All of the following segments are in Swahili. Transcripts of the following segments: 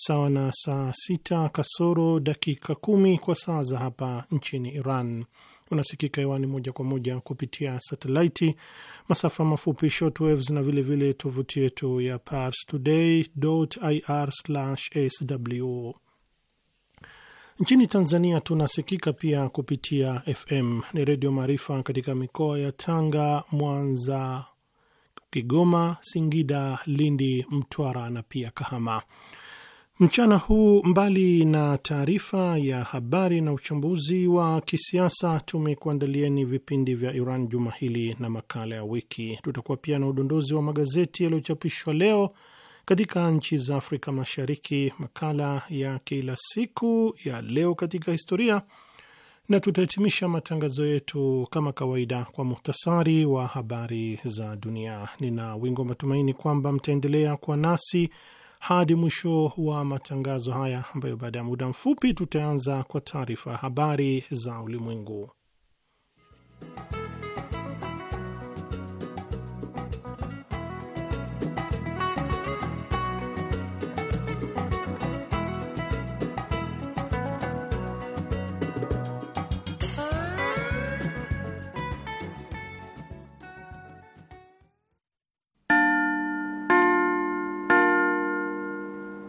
sawa na saa sita kasoro dakika kumi kwa saa za hapa nchini Iran. Unasikika hewani moja kwa moja kupitia satelaiti, masafa mafupi shortwaves, na vilevile tovuti yetu ya ir sw Nchini Tanzania tunasikika pia kupitia FM ni Redio Maarifa katika mikoa ya Tanga, Mwanza, Kigoma, Singida, Lindi, Mtwara na pia Kahama. Mchana huu mbali na taarifa ya habari na uchambuzi wa kisiasa, tumekuandalieni vipindi vya Iran juma hili na makala ya wiki. Tutakuwa pia na udondozi wa magazeti yaliyochapishwa leo katika nchi za Afrika Mashariki, makala ya kila siku ya leo katika historia, na tutahitimisha matangazo yetu kama kawaida kwa muhtasari wa habari za dunia. Nina wingi wa matumaini kwamba mtaendelea kuwa nasi hadi mwisho wa matangazo haya ambayo baada ya muda mfupi tutaanza kwa taarifa ya habari za ulimwengu.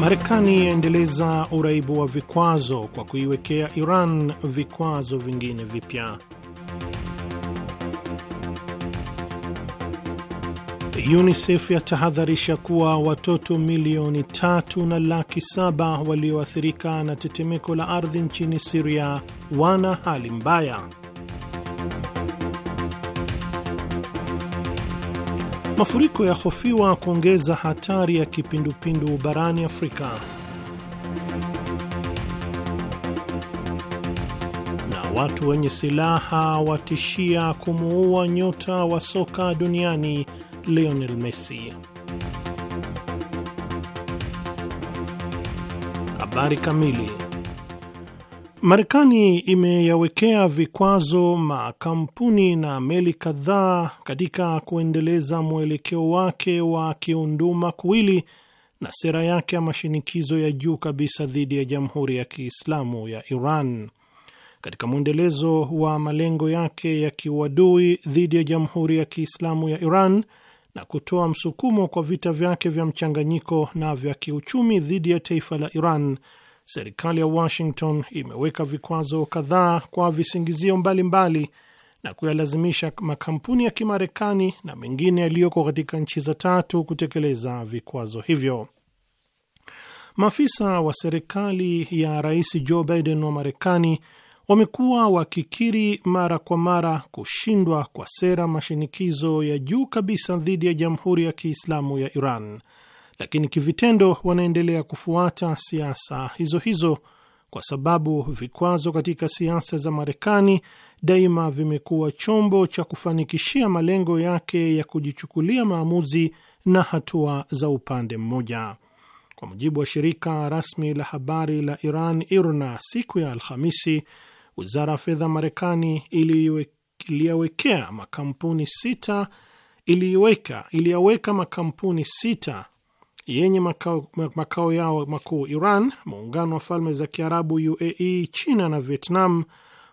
Marekani yaendeleza uraibu wa vikwazo kwa kuiwekea Iran vikwazo vingine vipya. UNICEF yatahadharisha kuwa watoto milioni tatu na laki saba walioathirika na tetemeko la ardhi nchini Siria wana hali mbaya. Mafuriko yahofiwa kuongeza hatari ya kipindupindu barani Afrika. Na watu wenye silaha watishia kumuua nyota wa soka duniani Lionel Messi. Habari kamili Marekani imeyawekea vikwazo makampuni na meli kadhaa katika kuendeleza mwelekeo wake wa kiunduma kuwili na sera yake ya mashinikizo ya juu kabisa dhidi ya Jamhuri ya Kiislamu ya Iran katika mwendelezo wa malengo yake ya kiuadui dhidi ya Jamhuri ya Kiislamu ya Iran na kutoa msukumo kwa vita vyake vya mchanganyiko na vya kiuchumi dhidi ya taifa la Iran serikali ya Washington imeweka vikwazo kadhaa kwa visingizio mbalimbali mbali, na kuyalazimisha makampuni ya Kimarekani na mengine yaliyoko katika nchi za tatu kutekeleza vikwazo hivyo. Maafisa wa serikali ya Rais Joe Biden wa Marekani wamekuwa wakikiri mara kwa mara kushindwa kwa sera mashinikizo ya juu kabisa dhidi ya Jamhuri ya Kiislamu ya Iran lakini kivitendo wanaendelea kufuata siasa hizo hizo, kwa sababu vikwazo katika siasa za Marekani daima vimekuwa chombo cha kufanikishia malengo yake ya kujichukulia maamuzi na hatua za upande mmoja. Kwa mujibu wa shirika rasmi la habari la Iran IRNA, siku ya Alhamisi, wizara ya fedha Marekani iliyawekea makampuni sita iliyaweka makampuni sita yenye makao, makao yao makuu Iran, muungano wa falme za Kiarabu UAE, China na Vietnam,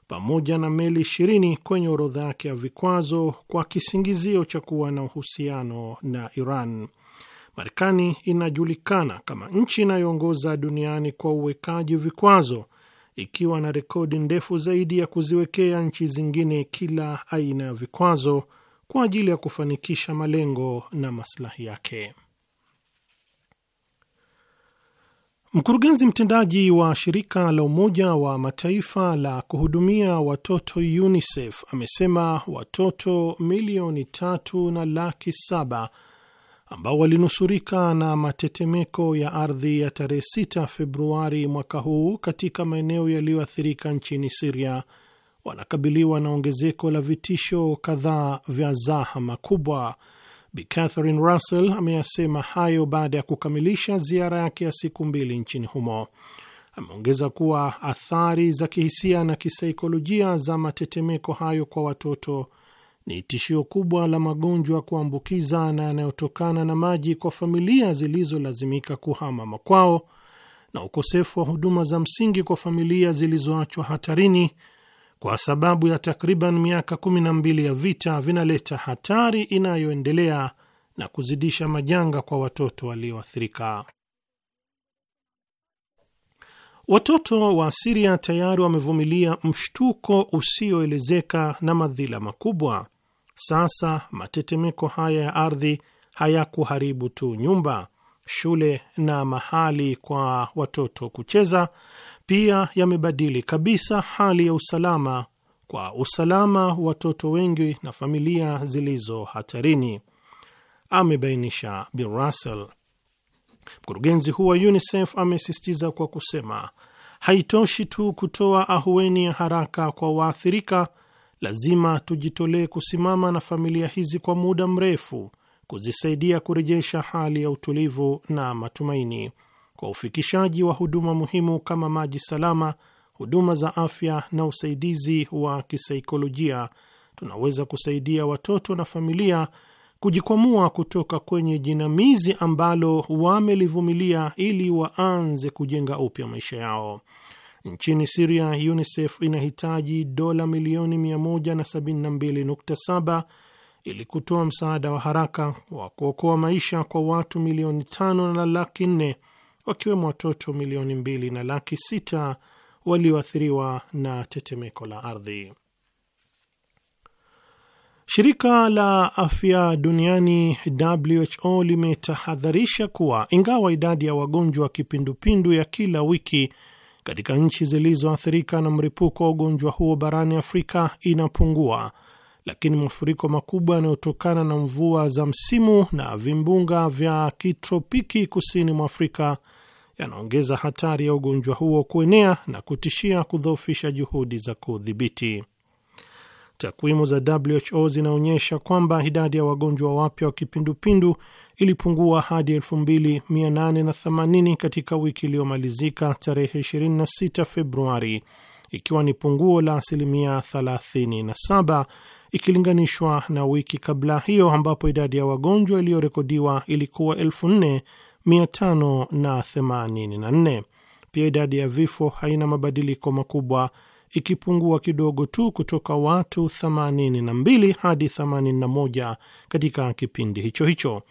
pamoja na meli ishirini kwenye orodha yake ya vikwazo kwa kisingizio cha kuwa na uhusiano na Iran. Marekani inajulikana kama nchi inayoongoza duniani kwa uwekaji vikwazo, ikiwa na rekodi ndefu zaidi ya kuziwekea nchi zingine kila aina ya vikwazo kwa ajili ya kufanikisha malengo na maslahi yake. Mkurugenzi mtendaji wa shirika la Umoja wa Mataifa la kuhudumia watoto UNICEF amesema watoto milioni tatu na laki saba ambao walinusurika na matetemeko ya ardhi ya tarehe 6 Februari mwaka huu katika maeneo yaliyoathirika nchini Siria wanakabiliwa na ongezeko la vitisho kadhaa vya zahama kubwa Bi Catherine Russell ameyasema hayo baada ya kukamilisha ziara yake ya siku mbili nchini humo. Ameongeza kuwa athari za kihisia na kisaikolojia za matetemeko hayo kwa watoto ni tishio kubwa la magonjwa ya kuambukiza na yanayotokana na maji kwa familia zilizolazimika kuhama makwao na ukosefu wa huduma za msingi kwa familia zilizoachwa hatarini kwa sababu ya takriban miaka kumi na mbili ya vita vinaleta hatari inayoendelea na kuzidisha majanga kwa watoto walioathirika. Watoto wa Siria tayari wamevumilia mshtuko usioelezeka na madhila makubwa. Sasa matetemeko haya ya ardhi hayakuharibu tu nyumba, shule na mahali kwa watoto kucheza, pia yamebadili kabisa hali ya usalama kwa usalama watoto wengi na familia zilizo hatarini, amebainisha Bill Russell. Mkurugenzi huu wa UNICEF amesisitiza kwa kusema, haitoshi tu kutoa ahueni ya haraka kwa waathirika, lazima tujitolee kusimama na familia hizi kwa muda mrefu, kuzisaidia kurejesha hali ya utulivu na matumaini kwa ufikishaji wa huduma muhimu kama maji salama, huduma za afya na usaidizi wa kisaikolojia, tunaweza kusaidia watoto na familia kujikwamua kutoka kwenye jinamizi ambalo wamelivumilia ili waanze kujenga upya maisha yao. Nchini Siria, UNICEF inahitaji dola milioni 172.7 ili kutoa msaada wa haraka wa kuokoa maisha kwa watu milioni tano na laki nne wakiwemo watoto milioni mbili na laki sita walioathiriwa na tetemeko la ardhi. Shirika la afya duniani WHO limetahadharisha kuwa ingawa idadi ya wagonjwa wa kipindupindu ya kila wiki katika nchi zilizoathirika na mlipuko wa ugonjwa huo barani Afrika inapungua, lakini mafuriko makubwa yanayotokana na mvua za msimu na vimbunga vya kitropiki kusini mwa Afrika yanaongeza hatari ya ugonjwa huo kuenea na kutishia kudhoofisha juhudi za kuudhibiti. Takwimu za WHO zinaonyesha kwamba idadi ya wagonjwa wapya wa kipindupindu ilipungua hadi 2880 katika wiki iliyomalizika tarehe 26 Februari, ikiwa ni punguo la asilimia 37 ikilinganishwa na wiki kabla hiyo ambapo idadi ya wagonjwa iliyorekodiwa ilikuwa 4000 584. Pia idadi ya vifo haina mabadiliko makubwa, ikipungua kidogo tu kutoka watu 82 hadi 81 katika kipindi hicho hicho.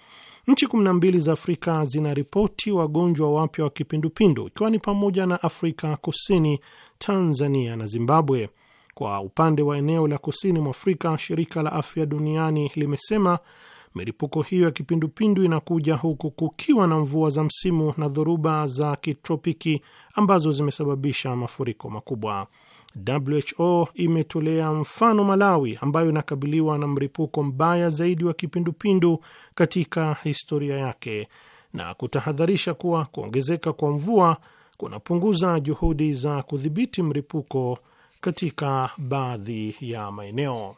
Nchi 12 za Afrika zinaripoti wagonjwa wapya wa kipindupindu ikiwa ni pamoja na Afrika Kusini, Tanzania na Zimbabwe. Kwa upande wa eneo la kusini mwa Afrika, shirika la afya duniani limesema Milipuko hiyo ya kipindupindu inakuja huku kukiwa na mvua za msimu na dhoruba za kitropiki ambazo zimesababisha mafuriko makubwa. WHO imetolea mfano Malawi ambayo inakabiliwa na mlipuko mbaya zaidi wa kipindupindu katika historia yake na kutahadharisha kuwa kuongezeka kwa mvua kunapunguza juhudi za kudhibiti mlipuko katika baadhi ya maeneo.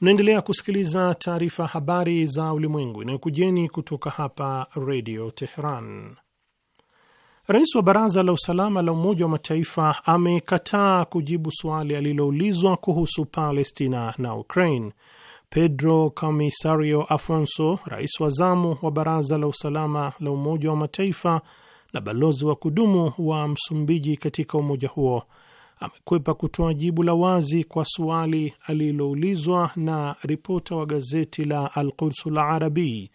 Mnaendelea kusikiliza taarifa habari za ulimwengu inayokujeni kutoka hapa redio Teheran. Rais wa Baraza la Usalama la Umoja wa Mataifa amekataa kujibu swali aliloulizwa kuhusu Palestina na Ukraine. Pedro comisario Afonso, rais wa zamu wa Baraza la Usalama la Umoja wa Mataifa na balozi wa kudumu wa Msumbiji katika umoja huo amekwepa kutoa jibu la wazi kwa suali aliloulizwa na ripota wa gazeti la Al-Qudsul Arabi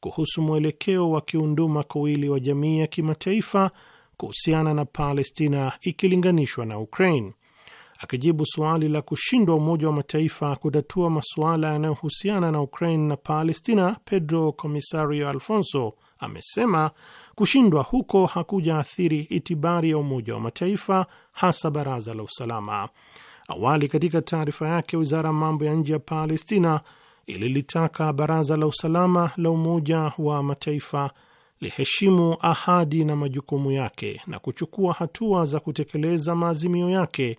kuhusu mwelekeo wa kiunduma kuwili wa jamii ya kimataifa kuhusiana na Palestina ikilinganishwa na Ukraine. Akijibu suali la kushindwa Umoja wa Mataifa kutatua masuala yanayohusiana na Ukraine na Palestina, Pedro Comisario Alfonso amesema kushindwa huko hakujaathiri itibari ya Umoja wa Mataifa hasa baraza la usalama. Awali katika taarifa yake, wizara ya mambo ya nje ya Palestina ililitaka baraza la usalama la Umoja wa Mataifa liheshimu ahadi na majukumu yake na kuchukua hatua za kutekeleza maazimio yake,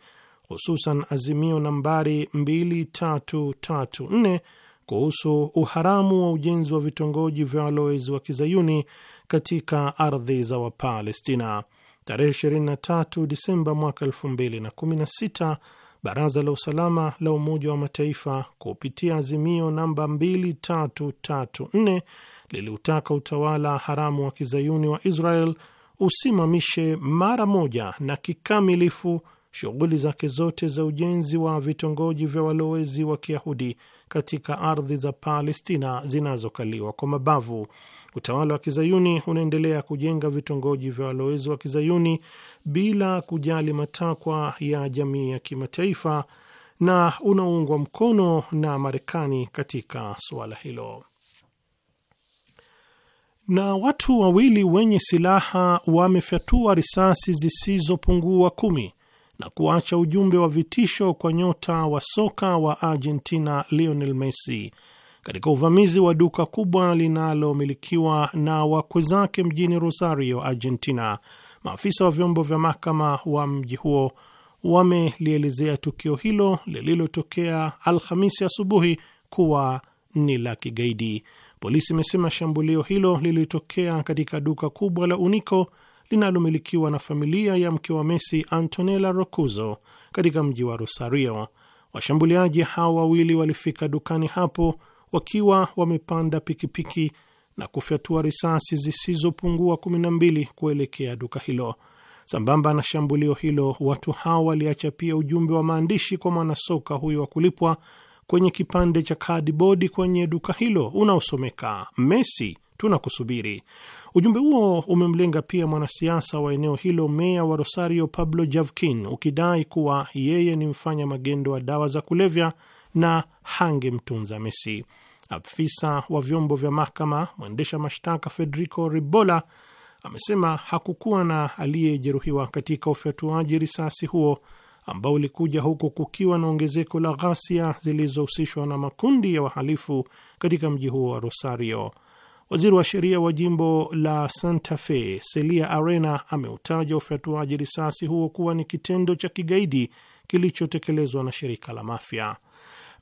hususan azimio nambari 2334 kuhusu uharamu wa ujenzi wa vitongoji vya walowezi wa kizayuni katika ardhi za Wapalestina. Tarehe 23 Disemba mwaka 2016 Baraza la Usalama la Umoja wa Mataifa kupitia azimio namba 2334 liliutaka utawala haramu wa kizayuni wa Israel usimamishe mara moja na kikamilifu shughuli zake zote za ujenzi wa vitongoji vya walowezi wa kiyahudi katika ardhi za Palestina zinazokaliwa kwa mabavu Utawala wa kizayuni unaendelea kujenga vitongoji vya walowezi wa kizayuni bila kujali matakwa ya jamii ya kimataifa na unaungwa mkono na Marekani katika suala hilo. Na watu wawili wenye silaha wamefyatua risasi zisizopungua kumi na kuacha ujumbe wa vitisho kwa nyota wa soka wa Argentina Lionel Messi katika uvamizi wa duka kubwa linalomilikiwa na wakwe zake mjini Rosario, Argentina. Maafisa wa vyombo vya mahakama wa mji huo wamelielezea tukio hilo lililotokea Alhamisi asubuhi kuwa ni la kigaidi. Polisi imesema shambulio hilo lilitokea katika duka kubwa la Unico linalomilikiwa na familia ya mke wa Messi, Antonella Roccuzzo, katika mji wa Rosario. Washambuliaji hao wawili walifika dukani hapo wakiwa wamepanda pikipiki na kufyatua risasi zisizopungua 12 kuelekea duka hilo. Sambamba na shambulio hilo, watu hao waliacha pia ujumbe wa maandishi kwa mwanasoka huyo wa kulipwa kwenye kipande cha kadibodi kwenye duka hilo unaosomeka Messi tunakusubiri. Ujumbe huo umemlenga pia mwanasiasa wa eneo hilo, meya wa Rosario Pablo Javkin, ukidai kuwa yeye ni mfanya magendo wa dawa za kulevya na hangemtunza Messi. Afisa wa vyombo vya mahakama mwendesha mashtaka Federico Ribola amesema hakukuwa na aliyejeruhiwa katika ufyatuaji risasi huo ambao ulikuja huku kukiwa na ongezeko la ghasia zilizohusishwa na makundi ya wahalifu katika mji huo wa Rosario. Waziri wa sheria wa jimbo la Santa Fe Celia Arena ameutaja ufyatuaji risasi huo kuwa ni kitendo cha kigaidi kilichotekelezwa na shirika la mafia.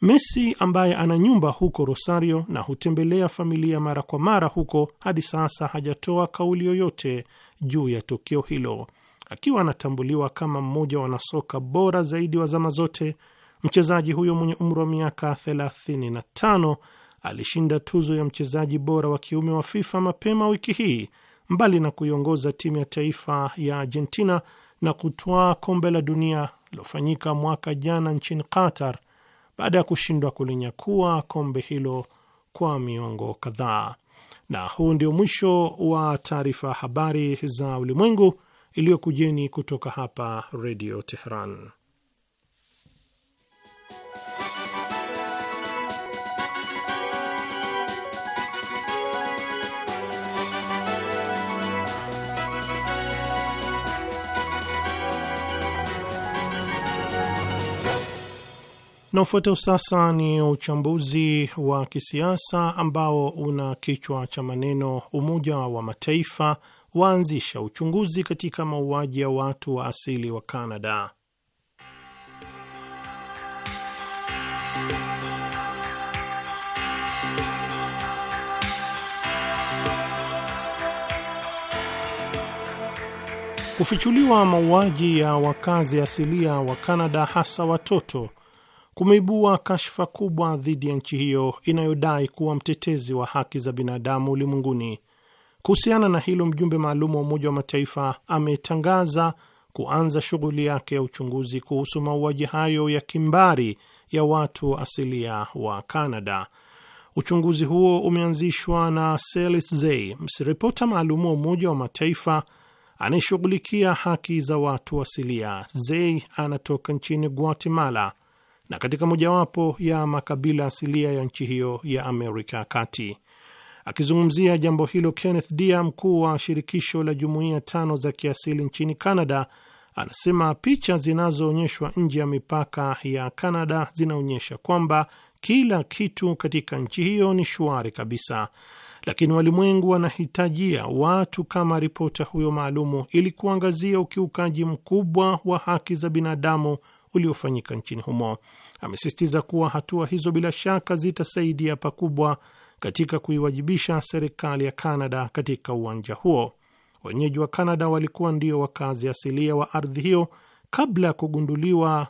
Messi ambaye ana nyumba huko Rosario na hutembelea familia mara kwa mara huko, hadi sasa hajatoa kauli yoyote juu ya tukio hilo. Akiwa anatambuliwa kama mmoja wa wanasoka bora zaidi wa zama zote, mchezaji huyo mwenye umri wa miaka 35 alishinda tuzo ya mchezaji bora wa kiume wa FIFA mapema wiki hii, mbali na kuiongoza timu ya taifa ya Argentina na kutwaa kombe la dunia lilofanyika mwaka jana nchini Qatar baada ya kushindwa kulinyakua kombe hilo kwa miongo kadhaa. Na huu ndio mwisho wa taarifa habari za ulimwengu iliyokujeni kutoka hapa Redio Teheran. Na ufuatao sasa ni uchambuzi wa kisiasa ambao una kichwa cha maneno Umoja wa Mataifa waanzisha uchunguzi katika mauaji ya watu wa asili wa Kanada. Kufichuliwa mauaji ya wakazi asilia wa Kanada, hasa watoto kumeibua kashfa kubwa dhidi ya nchi hiyo inayodai kuwa mtetezi wa haki za binadamu ulimwenguni. Kuhusiana na hilo, mjumbe maalum wa Umoja wa Mataifa ametangaza kuanza shughuli yake ya uchunguzi kuhusu mauaji hayo ya kimbari ya watu asilia wa Kanada. Uchunguzi huo umeanzishwa na Selis Zey, msiripota maalum wa Umoja wa Mataifa anayeshughulikia haki za watu asilia. Zey anatoka nchini Guatemala na katika mojawapo ya makabila asilia ya nchi hiyo ya Amerika Kati. Akizungumzia jambo hilo, Kenneth Dia, mkuu wa shirikisho la jumuiya tano za kiasili nchini Canada, anasema picha zinazoonyeshwa nje ya mipaka ya Canada zinaonyesha kwamba kila kitu katika nchi hiyo ni shwari kabisa, lakini walimwengu wanahitajia watu kama ripota huyo maalumu ili kuangazia ukiukaji mkubwa wa haki za binadamu uliofanyika nchini humo. Amesisitiza kuwa hatua hizo bila shaka zitasaidia pakubwa katika kuiwajibisha serikali ya Kanada katika uwanja huo. Wenyeji wa Kanada walikuwa ndio wakazi asilia wa ardhi hiyo kabla ya kugunduliwa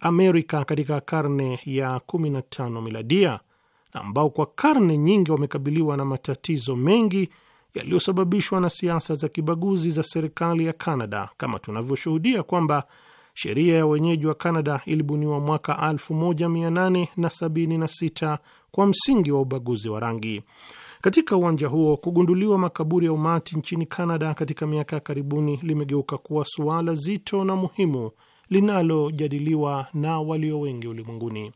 Amerika katika karne ya 15 miladia, ambao kwa karne nyingi wamekabiliwa na matatizo mengi yaliyosababishwa na siasa za kibaguzi za serikali ya Kanada, kama tunavyoshuhudia kwamba Sheria ya wenyeji wa canada ilibuniwa mwaka 1876 kwa msingi wa ubaguzi wa rangi. Katika uwanja huo, kugunduliwa makaburi ya umati nchini canada katika miaka ya karibuni limegeuka kuwa suala zito na muhimu linalojadiliwa na walio wengi ulimwenguni.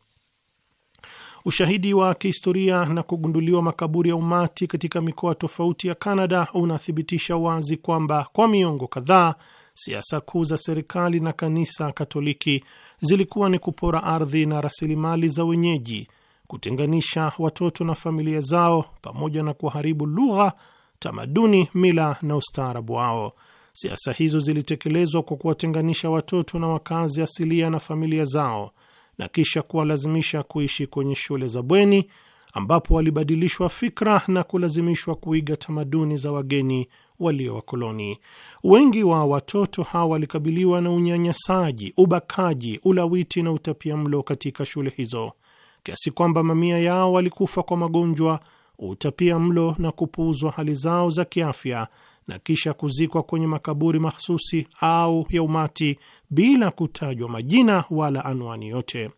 Ushahidi wa kihistoria na kugunduliwa makaburi ya umati katika mikoa tofauti ya canada unathibitisha wazi kwamba kwa miongo kadhaa siasa kuu za serikali na kanisa Katoliki zilikuwa ni kupora ardhi na rasilimali za wenyeji, kutenganisha watoto na familia zao, pamoja na kuharibu lugha, tamaduni, mila na ustaarabu wao. Siasa hizo zilitekelezwa kwa kuwatenganisha watoto na wakazi asilia na familia zao na kisha kuwalazimisha kuishi kwenye shule za bweni, ambapo walibadilishwa fikra na kulazimishwa kuiga tamaduni za wageni walio wakoloni. Wengi wa watoto hawa walikabiliwa na unyanyasaji, ubakaji, ulawiti na utapia mlo katika shule hizo kiasi kwamba mamia yao walikufa kwa magonjwa, utapia mlo na kupuuzwa hali zao za kiafya na kisha kuzikwa kwenye makaburi mahsusi au ya umati bila kutajwa majina wala anwani yote.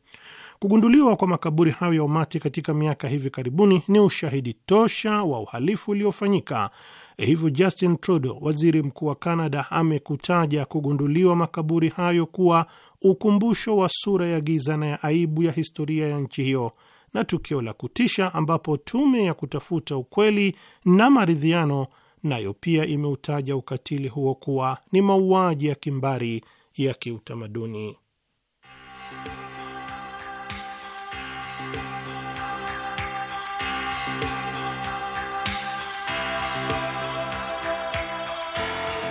Kugunduliwa kwa makaburi hayo ya umati katika miaka hivi karibuni ni ushahidi tosha wa uhalifu uliofanyika. E, hivyo Justin Trudeau, waziri mkuu wa canada amekutaja kugunduliwa makaburi hayo kuwa ukumbusho wa sura ya giza na ya aibu ya historia ya nchi hiyo na tukio la kutisha, ambapo tume ya kutafuta ukweli na maridhiano nayo pia imeutaja ukatili huo kuwa ni mauaji ya kimbari ya kiutamaduni.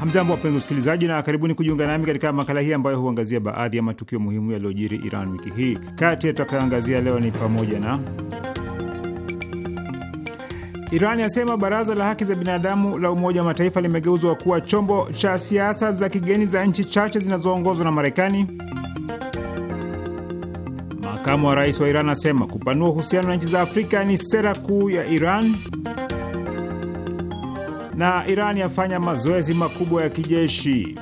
Hamjambo, wapenzi wasikilizaji, na karibuni kujiunga nami katika makala hii ambayo huangazia baadhi ya matukio muhimu yaliyojiri Iran wiki hii. Kati ya tutakayoangazia leo ni pamoja na Iran yasema baraza la haki za binadamu la Umoja wa Mataifa limegeuzwa kuwa chombo cha siasa za kigeni za nchi chache zinazoongozwa na Marekani. Makamu wa rais wa Iran asema kupanua uhusiano na nchi za Afrika ni sera kuu ya Iran na Iran yafanya mazoezi makubwa ya kijeshi.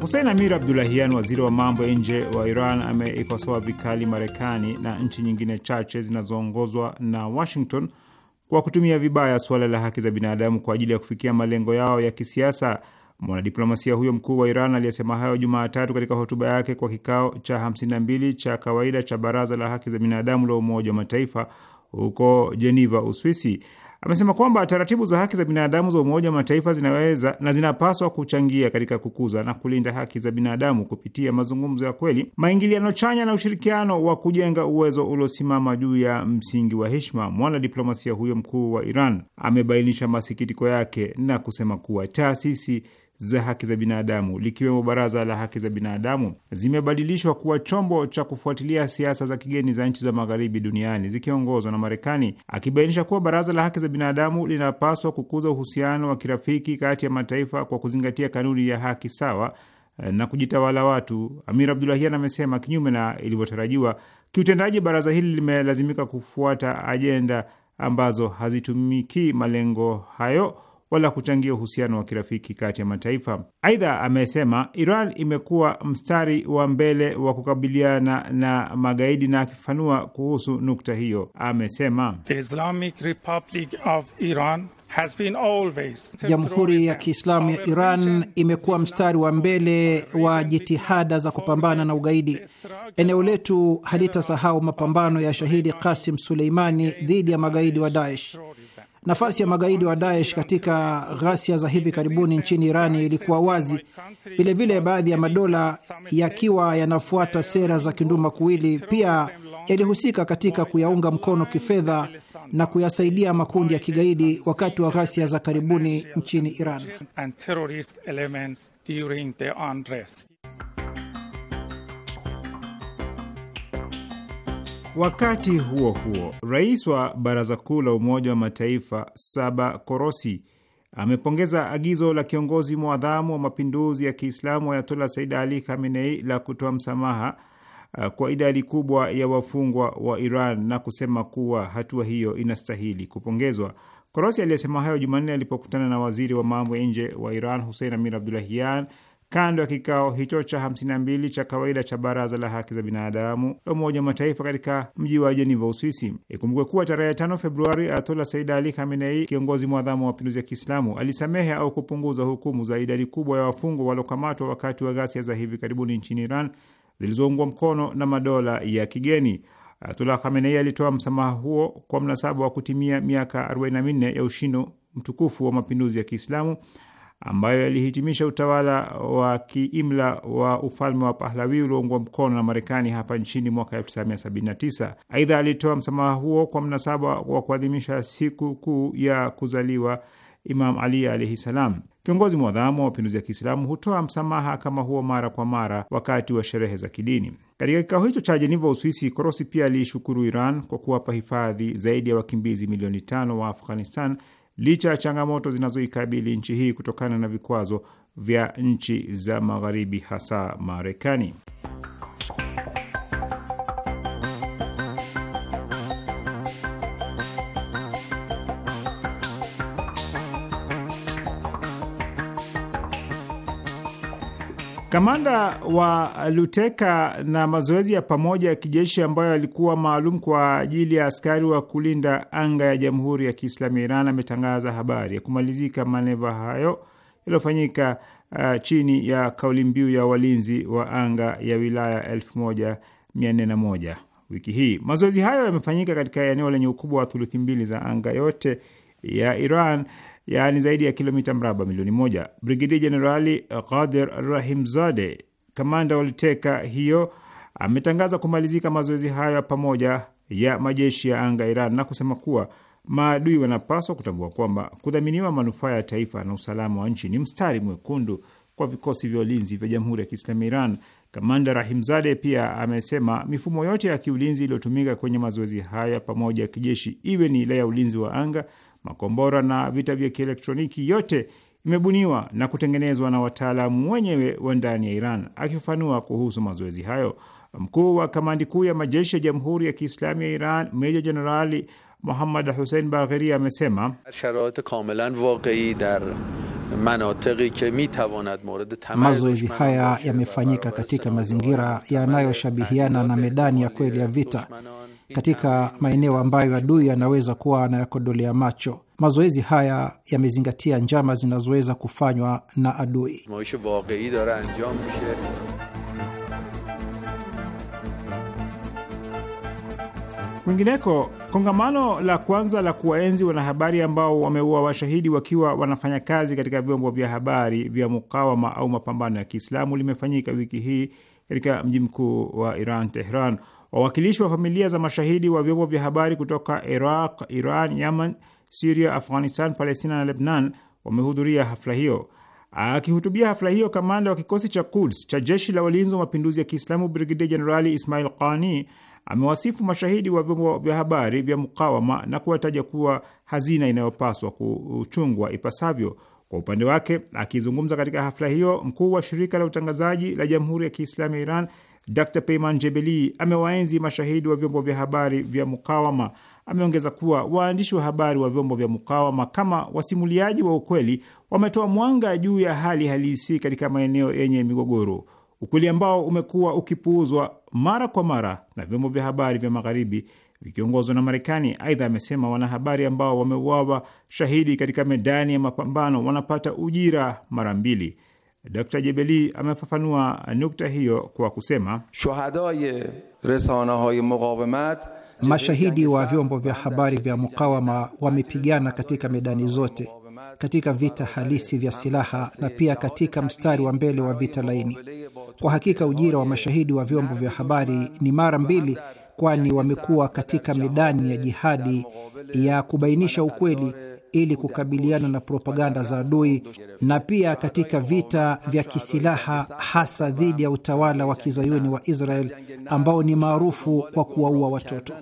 Husein Amir Abdulahian, waziri wa mambo ya nje wa Iran, ameikosoa vikali Marekani na nchi nyingine chache zinazoongozwa na Washington kwa kutumia vibaya suala la haki za binadamu kwa ajili ya kufikia malengo yao ya kisiasa. Mwanadiplomasia huyo mkuu wa Iran aliyesema hayo Jumatatu katika hotuba yake kwa kikao cha 52 cha kawaida cha Baraza la Haki za Binadamu la Umoja wa Mataifa huko Jeneva, Uswisi, amesema kwamba taratibu za haki za binadamu za Umoja wa Mataifa zinaweza na zinapaswa kuchangia katika kukuza na kulinda haki za binadamu kupitia mazungumzo ya kweli, maingiliano chanya na ushirikiano wa kujenga uwezo uliosimama juu ya msingi wa heshima. Mwanadiplomasia huyo mkuu wa Iran amebainisha masikitiko yake na kusema kuwa taasisi za haki za binadamu likiwemo Baraza la Haki za Binadamu zimebadilishwa kuwa chombo cha kufuatilia siasa za kigeni za nchi za magharibi duniani zikiongozwa na Marekani, akibainisha kuwa Baraza la Haki za Binadamu linapaswa kukuza uhusiano wa kirafiki kati ya mataifa kwa kuzingatia kanuni ya haki sawa eh, na kujitawala watu. Amir Abdulahian amesema kinyume na ilivyotarajiwa kiutendaji, baraza hili limelazimika kufuata ajenda ambazo hazitumikii malengo hayo wala kuchangia uhusiano wa kirafiki kati ya mataifa. Aidha, amesema Iran imekuwa mstari wa mbele wa kukabiliana na magaidi, na akifafanua kuhusu nukta hiyo amesema The Islamic Republic of Iran Jamhuri ya Kiislamu ya Iran imekuwa mstari wa mbele wa jitihada za kupambana na ugaidi. Eneo letu halitasahau mapambano ya shahidi kasim Suleimani dhidi ya magaidi wa Daesh. Nafasi ya magaidi wa Daesh katika ghasia za hivi karibuni nchini Irani ilikuwa wazi. Vilevile, baadhi ya madola yakiwa yanafuata sera za kinduma kuwili pia yalihusika katika kuyaunga mkono kifedha na kuyasaidia makundi ya kigaidi wakati wa ghasia za karibuni nchini Iran. Wakati huo huo, rais wa Baraza Kuu la Umoja wa Mataifa Saba Korosi amepongeza agizo la kiongozi mwadhamu wa mapinduzi ya Kiislamu Ayatola Said Ali Khamenei la kutoa msamaha Uh, kwa idadi kubwa ya wafungwa wa Iran na kusema kuwa hatua hiyo inastahili kupongezwa. Korosi aliyesema hayo Jumanne alipokutana na waziri wa mambo ya nje wa Iran Hussein Amir Abdulahian kando ya kikao hicho cha 52 cha kawaida cha Baraza la Haki za Binadamu la Umoja wa Mataifa katika mji wa Jeneva, Uswisi. Ikumbukwe kuwa tarehe 5 Februari Ayatollah Said Ali Khamenei, kiongozi mwadhamu wa mapinduzi ya Kiislamu, alisamehe au kupunguza hukumu za idadi kubwa ya wafungwa waliokamatwa wakati wa ghasia za hivi karibuni nchini Iran zilizoungwa mkono na madola ya kigeni. Ayatullah Khamenei alitoa msamaha huo kwa mnasaba wa kutimia miaka 44 ya ushindi mtukufu wa mapinduzi ya Kiislamu ambayo yalihitimisha utawala wa kiimla wa ufalme wa Pahlawi ulioungwa mkono na Marekani hapa nchini mwaka 1979. Aidha, alitoa msamaha huo kwa mnasaba wa kuadhimisha siku kuu ya kuzaliwa Imam Ali alaihi salam. Kiongozi mwadhamu wa mapinduzi ya Kiislamu hutoa msamaha kama huo mara kwa mara wakati wa sherehe za kidini. Katika kikao hicho cha jeniva Uswisi, Korosi pia aliishukuru Iran kwa kuwapa hifadhi zaidi ya wakimbizi milioni tano wa Afghanistan licha ya changamoto zinazoikabili nchi hii kutokana na vikwazo vya nchi za Magharibi, hasa Marekani. Kamanda wa Luteka na mazoezi ya pamoja ya kijeshi ambayo yalikuwa maalum kwa ajili ya askari wa kulinda anga ya Jamhuri ya Kiislamu ya Iran ametangaza habari ya kumalizika maneva hayo yaliyofanyika uh, chini ya kauli mbiu ya walinzi wa anga ya wilaya 1401 wiki hii. Mazoezi hayo yamefanyika katika eneo lenye ukubwa wa thuluthi mbili za anga yote ya Iran yaani zaidi ya kilomita mraba milioni moja. Brigedi Jenerali Qadir Rahimzade, kamanda waliteka hiyo, ametangaza kumalizika mazoezi hayo ya pamoja ya majeshi ya anga Iran na kusema kuwa maadui wanapaswa kutambua kwamba kudhaminiwa manufaa ya taifa na usalama wa nchi ni mstari mwekundu kwa vikosi vya ulinzi vya Jamhuri ya Kiislamu Iran. Kamanda Rahimzade pia amesema mifumo yote ya kiulinzi iliyotumika kwenye mazoezi haya pamoja ya kijeshi, iwe ni ile ya ulinzi wa anga makombora na vita vya kielektroniki yote imebuniwa na kutengenezwa na wataalamu wenyewe wa ndani ya Iran. Akifafanua kuhusu mazoezi hayo, mkuu wa kamandi kuu ya majeshi ya Jamhuri ya Kiislamu ya Iran meja jenerali Muhammad Hussein Bagheri amesema mazoezi haya yamefanyika katika mazingira yanayoshabihiana na medani ya kweli ya vita katika maeneo ambayo adui anaweza kuwa anayakodolea macho. Mazoezi haya yamezingatia njama zinazoweza kufanywa na adui. Kwingineko, kongamano la kwanza la kuwaenzi wanahabari ambao wameua washahidi wakiwa wanafanya kazi katika vyombo vya habari vya mukawama au mapambano ya Kiislamu limefanyika wiki hii katika mji mkuu wa Iran, Tehran. Wawakilishi wa familia za mashahidi wa vyombo vya habari kutoka Iraq, Iran, Yaman, Siria, Afghanistan, Palestina na Lebnan wamehudhuria hafla hiyo. Akihutubia hafla hiyo, kamanda wa kikosi cha Quds cha jeshi la walinzi wa mapinduzi ya Kiislamu Brigedia Jenerali Ismail Qani amewasifu mashahidi wa vyombo vya habari vya mukawama na kuwataja kuwa hazina inayopaswa kuchungwa ipasavyo. Kwa upande wake, akizungumza katika hafla hiyo, mkuu wa shirika la utangazaji la Jamhuri ya Kiislamu ya Iran Dr Peyman Jebeli amewaenzi mashahidi wa vyombo vya habari vya mukawama. Ameongeza kuwa waandishi wa habari wa vyombo vya mukawama kama wasimuliaji wa ukweli wametoa mwanga juu ya hali halisi katika maeneo yenye migogoro, ukweli ambao umekuwa ukipuuzwa mara kwa mara na vyombo vya habari vya magharibi vikiongozwa na Marekani. Aidha, amesema wanahabari ambao wameuawa shahidi katika medani ya mapambano wanapata ujira mara mbili. Dr Jebeli amefafanua nukta hiyo kwa kusema shuhadai resanahai muqawamat Mashahidi wa vyombo vya habari vya mukawama wamepigana katika medani zote, katika vita halisi vya silaha na pia katika mstari wa mbele wa vita laini. Kwa hakika ujira wa mashahidi wa vyombo vya habari ni mara mbili, kwani wamekuwa katika medani ya jihadi ya kubainisha ukweli ili kukabiliana na propaganda za adui na pia katika vita vya kisilaha hasa dhidi ya utawala wa kizayuni wa Israel ambao ni maarufu kwa kuwaua watoto.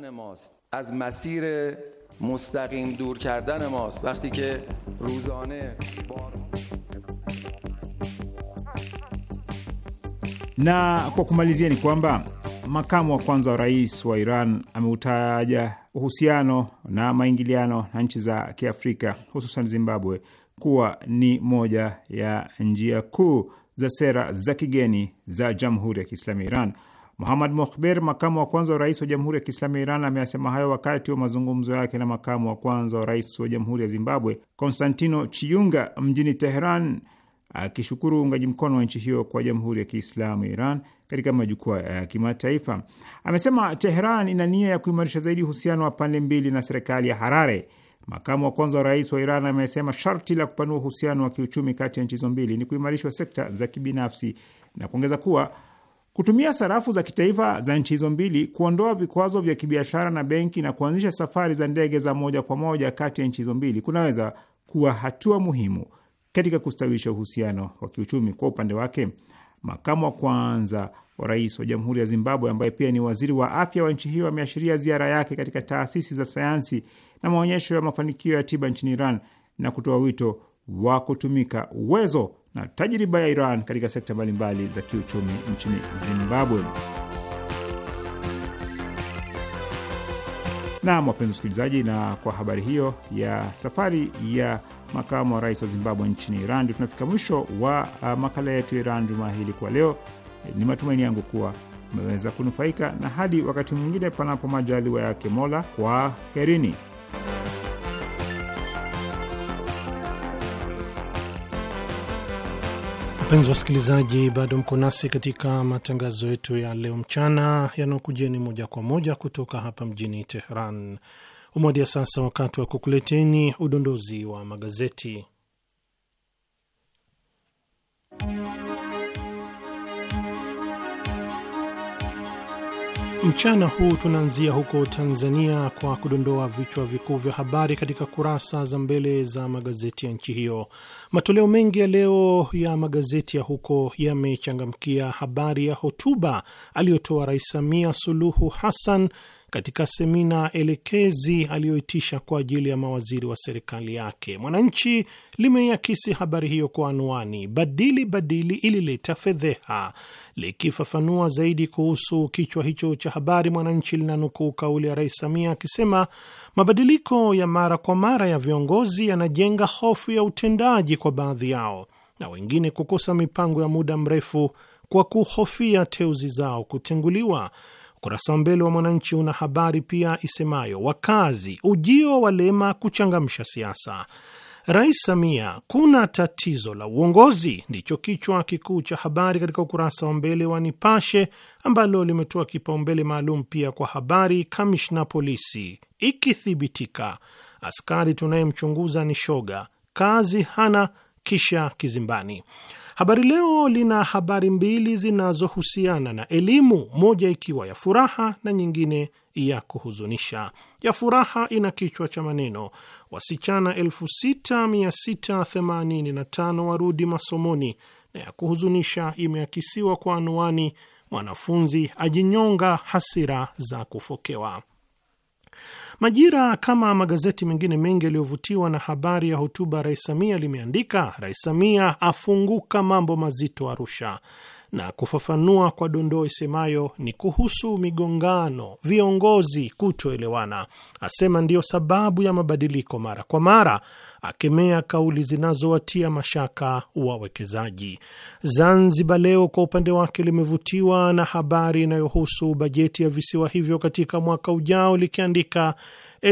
Na kwa kumalizia ni kwamba makamu wa kwanza wa rais wa Iran ameutaja uhusiano na maingiliano na nchi za Kiafrika hususan Zimbabwe kuwa ni moja ya njia kuu za sera za kigeni za Jamhuri ya Kiislamu ya Iran. Muhamad Mohber, makamu wa kwanza wa rais wa Jamhuri ya Kiislamu ya Iran, ameyasema hayo wakati wa mazungumzo yake na makamu wa kwanza wa rais wa Jamhuri ya Zimbabwe Konstantino Chiunga mjini Teheran akishukuru uungaji mkono wa nchi hiyo kwa Jamhuri ya Kiislamu ya Iran katika majukwaa ya kimataifa. Amesema Tehran ina nia ya kuimarisha zaidi uhusiano wa pande mbili na serikali ya Harare. Makamu wa kwanza wa rais wa Iran amesema sharti la kupanua uhusiano wa kiuchumi kati ya nchi hizo mbili ni kuimarishwa sekta za kibinafsi na kuongeza kuwa kutumia sarafu za kitaifa za nchi hizo mbili, kuondoa vikwazo vya kibiashara na benki na kuanzisha safari za ndege za moja kwa moja kati ya nchi hizo mbili kunaweza kuwa hatua muhimu katika kustawisha uhusiano wa kiuchumi. Kwa upande wake, makamu wa kwanza wa rais wa Jamhuri ya Zimbabwe ambaye pia ni waziri wa afya wa nchi hiyo ameashiria ziara yake katika taasisi za sayansi na maonyesho ya mafanikio ya tiba nchini Iran na kutoa wito wa kutumika uwezo na tajriba ya Iran katika sekta mbalimbali za kiuchumi nchini Zimbabwe. Naam, wapenzi wasikilizaji, na kwa habari hiyo ya safari ya makamu wa rais wa Zimbabwe nchini Iran. Ndio tunafika mwisho wa uh, makala yetu ya Iran juma hili kwa leo. Eh, ni matumaini yangu kuwa umeweza kunufaika, na hadi wakati mwingine, panapo majaliwa yake Mola, kwa herini. Mpenzi wasikilizaji, bado mko nasi katika matangazo yetu ya leo mchana yanayokujeni moja kwa moja kutoka hapa mjini Teheran. Umoja sasa, wakati wa kukuleteni udondozi wa magazeti. Mchana huu tunaanzia huko Tanzania kwa kudondoa vichwa vikuu vya habari katika kurasa za mbele za magazeti ya nchi hiyo. Matoleo mengi ya leo ya magazeti ya huko yamechangamkia habari ya hotuba aliyotoa Rais Samia Suluhu Hassan katika semina elekezi aliyoitisha kwa ajili ya mawaziri wa serikali yake. Mwananchi limeiakisi habari hiyo kwa anwani badili badili ilileta fedheha. Likifafanua zaidi kuhusu kichwa hicho cha habari, Mwananchi linanukuu kauli ya Rais Samia akisema mabadiliko ya mara kwa mara ya viongozi yanajenga hofu ya utendaji kwa baadhi yao na wengine kukosa mipango ya muda mrefu kwa kuhofia teuzi zao kutenguliwa. Ukurasa wa mbele wa Mwananchi una habari pia isemayo wakazi, ujio wa Lema kuchangamsha siasa. Rais Samia, kuna tatizo la uongozi, ndicho kichwa kikuu cha habari katika ukurasa wa mbele wa Nipashe, ambalo limetoa kipaumbele maalum pia kwa habari kamishna polisi, ikithibitika askari tunayemchunguza ni shoga, kazi hana, kisha kizimbani. Habari Leo lina habari mbili zinazohusiana na elimu, moja ikiwa ya furaha na nyingine ya kuhuzunisha. Ya furaha ina kichwa cha maneno wasichana 6685 warudi masomoni, na ya kuhuzunisha imeakisiwa kwa anwani mwanafunzi ajinyonga hasira za kufokewa. Majira kama magazeti mengine mengi yaliyovutiwa na habari ya hotuba Rais Samia limeandika Rais Samia afunguka mambo mazito Arusha na kufafanua kwa dondoo isemayo ni kuhusu migongano, viongozi kutoelewana. Asema ndiyo sababu ya mabadiliko mara kwa mara, akemea kauli zinazowatia mashaka wawekezaji. Zanzibar Leo kwa upande wake limevutiwa na habari inayohusu bajeti ya visiwa hivyo katika mwaka ujao, likiandika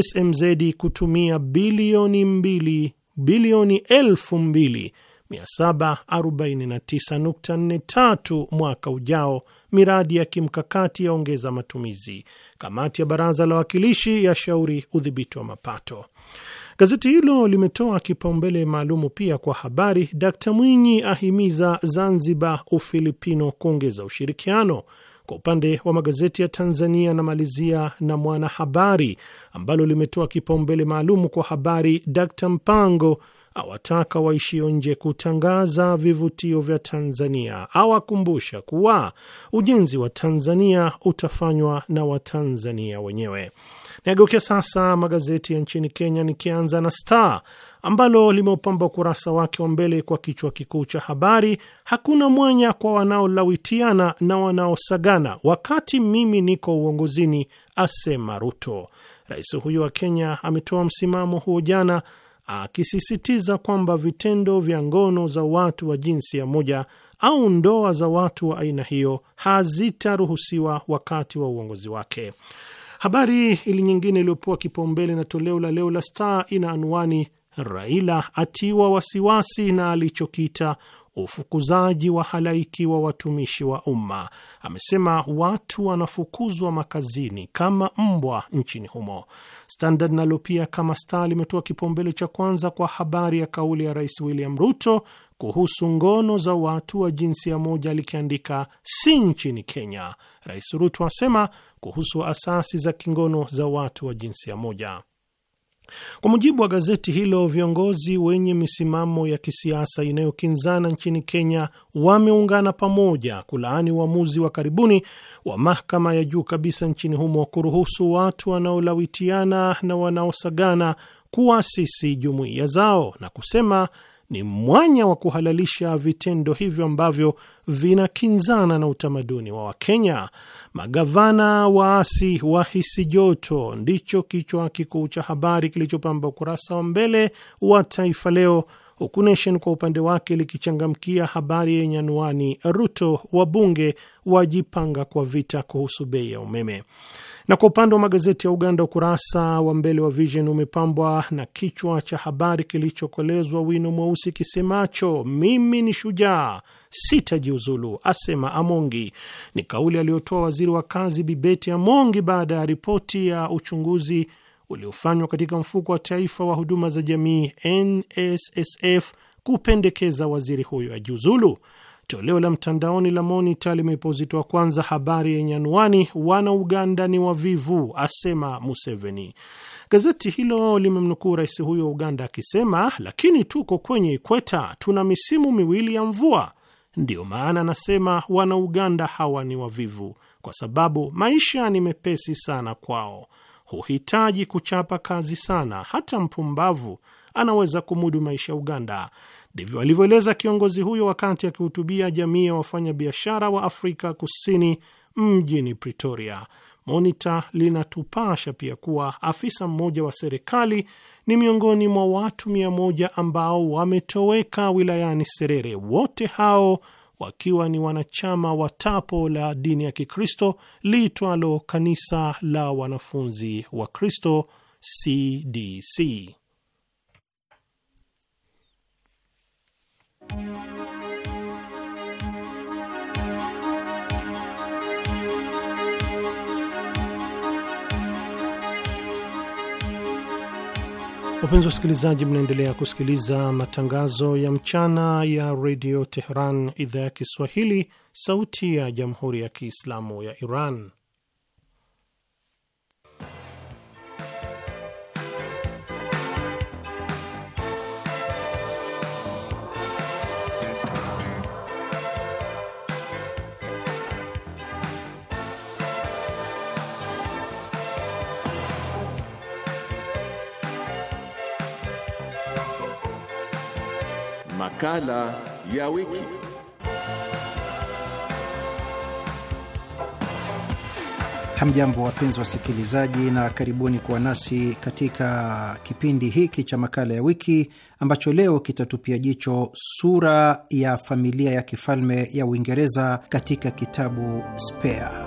SMZ kutumia bilioni mbili bilioni elfu mbili 749.43 mwaka ujao, miradi ya kimkakati yaongeza matumizi. Kamati ya baraza la wawakilishi shauri udhibiti wa mapato. Gazeti hilo limetoa kipaumbele maalumu pia kwa habari Dkt Mwinyi ahimiza Zanzibar Ufilipino kuongeza ushirikiano. Kwa upande wa magazeti ya Tanzania namalizia na Mwanahabari ambalo limetoa kipaumbele maalumu kwa habari Dkt Mpango awataka waishio nje kutangaza vivutio vya Tanzania, awakumbusha kuwa ujenzi wa Tanzania utafanywa na Watanzania wenyewe. Nageukia sasa magazeti ya nchini Kenya, nikianza na Star ambalo limeupamba ukurasa wake wa mbele kwa kichwa kikuu cha habari, hakuna mwanya kwa wanaolawitiana na wanaosagana wakati mimi niko uongozini, asema Ruto. Rais huyo wa Kenya ametoa msimamo huo jana akisisitiza kwamba vitendo vya ngono za watu wa jinsia moja au ndoa za watu wa aina hiyo hazitaruhusiwa wakati wa uongozi wake. Habari ili nyingine iliyopewa kipaumbele na toleo la leo la Star ina anwani Raila atiwa wasiwasi na alichokita ufukuzaji wa halaiki wa watumishi wa umma. Amesema watu wanafukuzwa makazini kama mbwa nchini humo. Standard nalo pia kama Star limetoa kipaumbele cha kwanza kwa habari ya kauli ya Rais William Ruto kuhusu ngono za watu wa jinsia moja, likiandika si nchini Kenya. Rais Ruto asema kuhusu asasi za kingono za watu wa jinsia moja. Kwa mujibu wa gazeti hilo, viongozi wenye misimamo ya kisiasa inayokinzana nchini Kenya wameungana pamoja kulaani uamuzi wa karibuni wa mahakama ya juu kabisa nchini humo kuruhusu watu wanaolawitiana na wanaosagana kuasisi jumuiya zao na kusema ni mwanya wa kuhalalisha vitendo hivyo ambavyo vinakinzana na utamaduni wa Wakenya. Magavana waasi wa hisi joto, ndicho kichwa kikuu cha habari kilichopamba ukurasa wa mbele wa Taifa Leo, huku Nation kwa upande wake likichangamkia habari yenye anuani Ruto wa bunge wajipanga kwa vita kuhusu bei ya umeme. Na kwa upande wa magazeti ya Uganda, ukurasa wa mbele wa Vision umepambwa na kichwa cha habari kilichokolezwa wino mweusi kisemacho, mimi ni shujaa sitajiuzulu, asema Amongi. Ni kauli aliyotoa waziri wa kazi Bibeti Amongi baada ya ripoti ya uchunguzi uliofanywa katika mfuko wa taifa wa huduma za jamii NSSF kupendekeza waziri huyo ajiuzulu. Toleo la mtandaoni la Monita limepozitwa kwanza habari yenye anwani wana Uganda ni wavivu, asema Museveni. Gazeti hilo limemnukuu rais huyo wa Uganda akisema, lakini tuko kwenye ikweta, tuna misimu miwili ya mvua, ndiyo maana anasema wana Uganda hawa ni wavivu, kwa sababu maisha ni mepesi sana kwao, huhitaji kuchapa kazi sana. Hata mpumbavu anaweza kumudu maisha ya Uganda. Ndivyo alivyoeleza kiongozi huyo wakati akihutubia jamii ya wafanyabiashara wa Afrika Kusini mjini Pretoria. Monita linatupasha pia kuwa afisa mmoja wa serikali ni miongoni mwa watu mia moja ambao wametoweka wilayani Serere, wote hao wakiwa ni wanachama wa tapo la dini ya Kikristo liitwalo Kanisa la Wanafunzi wa Kristo, CDC. Wapenzi wasikilizaji, mnaendelea kusikiliza matangazo ya mchana ya redio Teheran, idhaa ya Kiswahili, sauti ya jamhuri ya kiislamu ya Iran. Makala ya wiki. Hamjambo, wapenzi wasikilizaji, na karibuni kuwa nasi katika kipindi hiki cha makala ya wiki ambacho leo kitatupia jicho sura ya familia ya kifalme ya Uingereza katika kitabu Spare.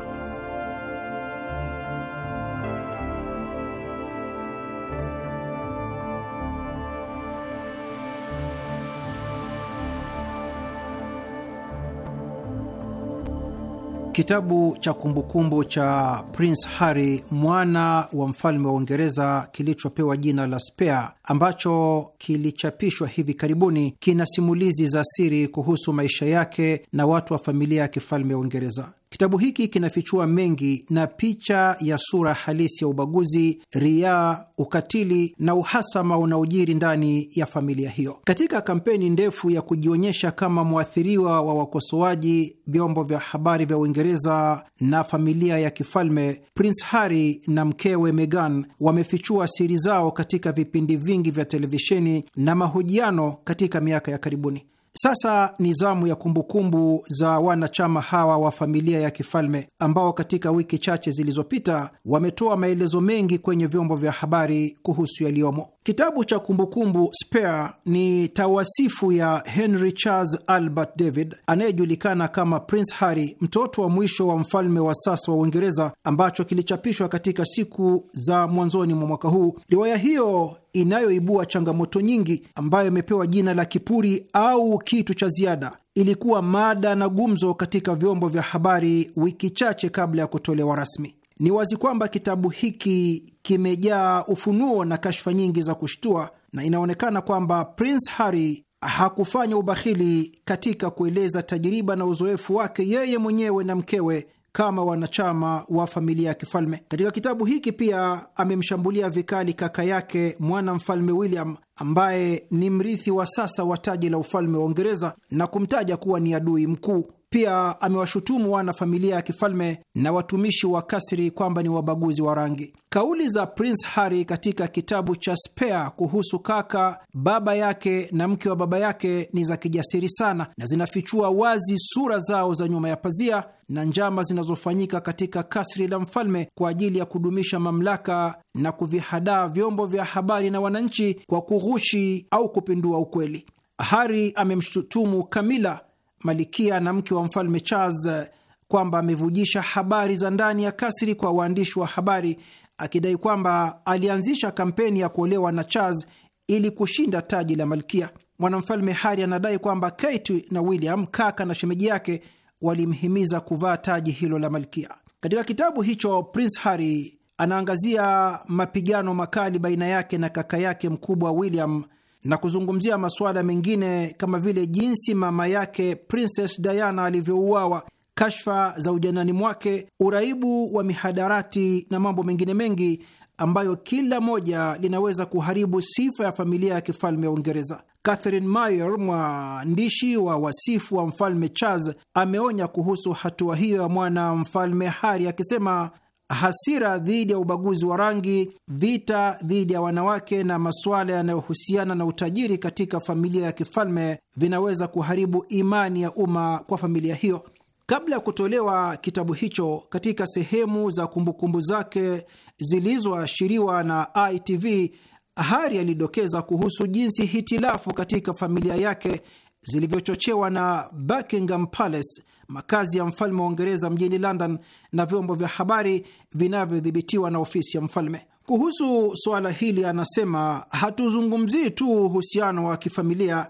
Kitabu cha kumbukumbu cha Prince Harry mwana wa mfalme wa Uingereza kilichopewa jina la Spare ambacho kilichapishwa hivi karibuni kina simulizi za siri kuhusu maisha yake na watu wa familia ya kifalme ya Uingereza. Kitabu hiki kinafichua mengi na picha ya sura halisi ya ubaguzi, riaa, ukatili na uhasama unaojiri ndani ya familia hiyo. Katika kampeni ndefu ya kujionyesha kama mwathiriwa wa wakosoaji, vyombo vya habari vya Uingereza na familia ya kifalme, Prince Harry na mkewe Meghan wamefichua siri zao katika vipindi vingi vya televisheni na mahojiano katika miaka ya karibuni. Sasa ni zamu ya kumbukumbu za wanachama hawa wa familia ya kifalme ambao katika wiki chache zilizopita wametoa maelezo mengi kwenye vyombo vya habari kuhusu yaliyomo. Kitabu cha kumbukumbu Spare ni tawasifu ya Henry Charles Albert David anayejulikana kama Prince Harry, mtoto wa mwisho wa mfalme wa sasa wa Uingereza, ambacho kilichapishwa katika siku za mwanzoni mwa mwaka huu. Riwaya hiyo inayoibua changamoto nyingi, ambayo imepewa jina la kipuri au kitu cha ziada, ilikuwa mada na gumzo katika vyombo vya habari wiki chache kabla ya kutolewa rasmi. Ni wazi kwamba kitabu hiki kimejaa ufunuo na kashfa nyingi za kushtua, na inaonekana kwamba Prince Harry hakufanya ubahili katika kueleza tajiriba na uzoefu wake yeye mwenyewe na mkewe kama wanachama wa familia ya kifalme. Katika kitabu hiki pia amemshambulia vikali kaka yake mwana mfalme William ambaye ni mrithi wa sasa wa taji la ufalme wa Uingereza na kumtaja kuwa ni adui mkuu. Pia amewashutumu wana familia ya kifalme na watumishi wa kasri kwamba ni wabaguzi wa rangi. Kauli za Prince Harry katika kitabu cha Spare kuhusu kaka, baba yake na mke wa baba yake ni za kijasiri sana na zinafichua wazi sura zao za nyuma ya pazia na njama zinazofanyika katika kasri la mfalme kwa ajili ya kudumisha mamlaka na kuvihadaa vyombo vya habari na wananchi kwa kughushi au kupindua ukweli. Harry amemshutumu Kamila malikia na mke wa mfalme Charles eh, kwamba amevujisha habari za ndani ya kasri kwa waandishi wa habari, akidai kwamba alianzisha kampeni ya kuolewa na Charles ili kushinda taji la malkia. Mwanamfalme Harry anadai kwamba Kate na William, kaka na shemeji yake, walimhimiza kuvaa taji hilo la malkia. Katika kitabu hicho, Prince Harry anaangazia mapigano makali baina yake na kaka yake mkubwa William na kuzungumzia masuala mengine kama vile jinsi mama yake Princess Diana alivyouawa, kashfa za ujanani mwake, uraibu wa mihadarati na mambo mengine mengi ambayo kila moja linaweza kuharibu sifa ya familia ya kifalme ya Uingereza. Catherine Mayer, mwandishi wa wasifu wa mfalme Charles, ameonya kuhusu hatua hiyo ya mwana mfalme Harry akisema hasira dhidi ya ubaguzi wa rangi, vita dhidi ya wanawake na masuala yanayohusiana na utajiri katika familia ya kifalme vinaweza kuharibu imani ya umma kwa familia hiyo. Kabla ya kutolewa kitabu hicho, katika sehemu za kumbukumbu zake zilizoashiriwa na ITV, Hari alidokeza kuhusu jinsi hitilafu katika familia yake zilivyochochewa na Buckingham Palace makazi ya mfalme wa Uingereza mjini London na vyombo vya habari vinavyodhibitiwa na ofisi ya mfalme. Kuhusu suala hili anasema, hatuzungumzii tu uhusiano wa kifamilia,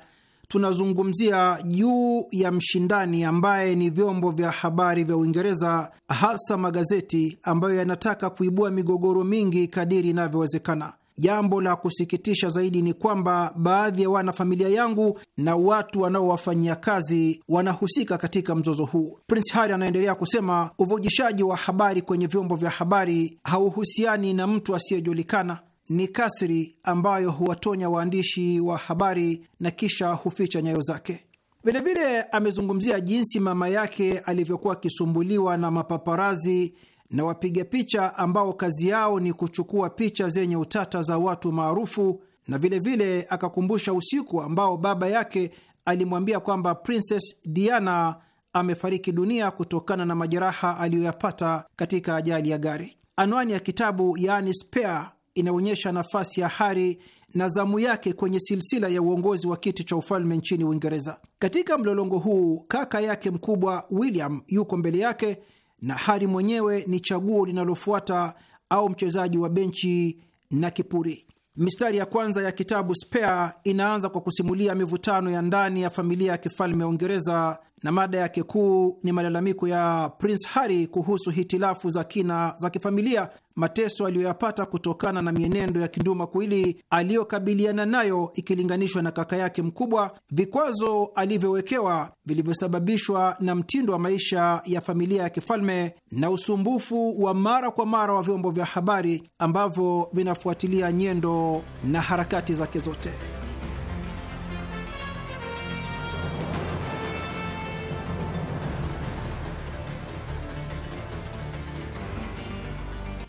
tunazungumzia juu ya mshindani ambaye ni vyombo vya habari vya Uingereza, hasa magazeti ambayo yanataka kuibua migogoro mingi kadiri inavyowezekana. Jambo la kusikitisha zaidi ni kwamba baadhi ya wanafamilia yangu na watu wanaowafanyia kazi wanahusika katika mzozo huu. Prince Harry anaendelea kusema, uvujishaji wa habari kwenye vyombo vya habari hauhusiani na mtu asiyejulikana, ni kasri ambayo huwatonya waandishi wa habari na kisha huficha nyayo zake. Vilevile amezungumzia jinsi mama yake alivyokuwa akisumbuliwa na mapaparazi na wapiga picha ambao kazi yao ni kuchukua picha zenye utata za watu maarufu, na vilevile vile akakumbusha usiku ambao baba yake alimwambia kwamba Princess Diana amefariki dunia kutokana na majeraha aliyoyapata katika ajali ya gari. Anwani ya kitabu yaani Spare inaonyesha nafasi ya Hari na zamu yake kwenye silsila ya uongozi wa kiti cha ufalme nchini Uingereza. Katika mlolongo huu, kaka yake mkubwa William yuko mbele yake na hari mwenyewe ni chaguo linalofuata au mchezaji wa benchi na kipuri. Mistari ya kwanza ya kitabu Spare inaanza kwa kusimulia mivutano ya ndani ya familia ya kifalme ya Uingereza na mada yake kuu ni malalamiko ya Prince Harry kuhusu hitilafu za kina za kifamilia, mateso aliyoyapata kutokana na mienendo ya kinduma kuili aliyokabiliana nayo ikilinganishwa na kaka yake mkubwa, vikwazo alivyowekewa vilivyosababishwa na mtindo wa maisha ya familia ya kifalme na usumbufu wa mara kwa mara wa vyombo vya habari ambavyo vinafuatilia nyendo na harakati zake zote.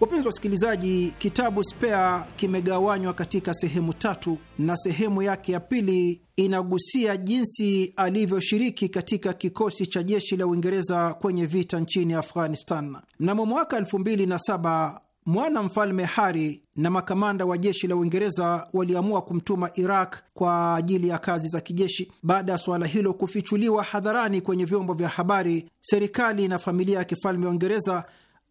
Wapenzi wasikilizaji, kitabu Spare kimegawanywa katika sehemu tatu, na sehemu yake ya pili inagusia jinsi alivyoshiriki katika kikosi cha jeshi la Uingereza kwenye vita nchini Afghanistan. Mnamo mwaka 2007 mwana mfalme Hari na makamanda wa jeshi la Uingereza waliamua kumtuma Iraq kwa ajili ya kazi za kijeshi. Baada ya suala hilo kufichuliwa hadharani kwenye vyombo vya habari, serikali na familia ya kifalme wa Uingereza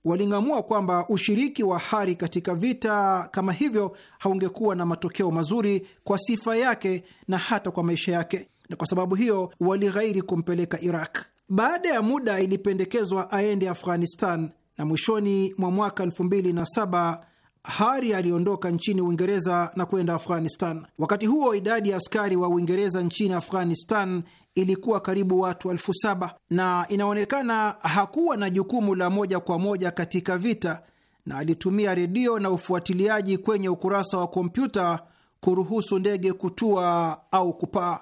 waling'amua kwamba ushiriki wa Hari katika vita kama hivyo haungekuwa na matokeo mazuri kwa sifa yake na hata kwa maisha yake, na kwa sababu hiyo walighairi kumpeleka Iraq. Baada ya muda, ilipendekezwa aende Afghanistan na mwishoni mwa mwaka 2007 Hari aliondoka nchini Uingereza na kwenda Afghanistan. Wakati huo idadi ya askari wa Uingereza nchini Afghanistan ilikuwa karibu watu elfu saba na inaonekana hakuwa na jukumu la moja kwa moja katika vita, na alitumia redio na ufuatiliaji kwenye ukurasa wa kompyuta kuruhusu ndege kutua au kupaa.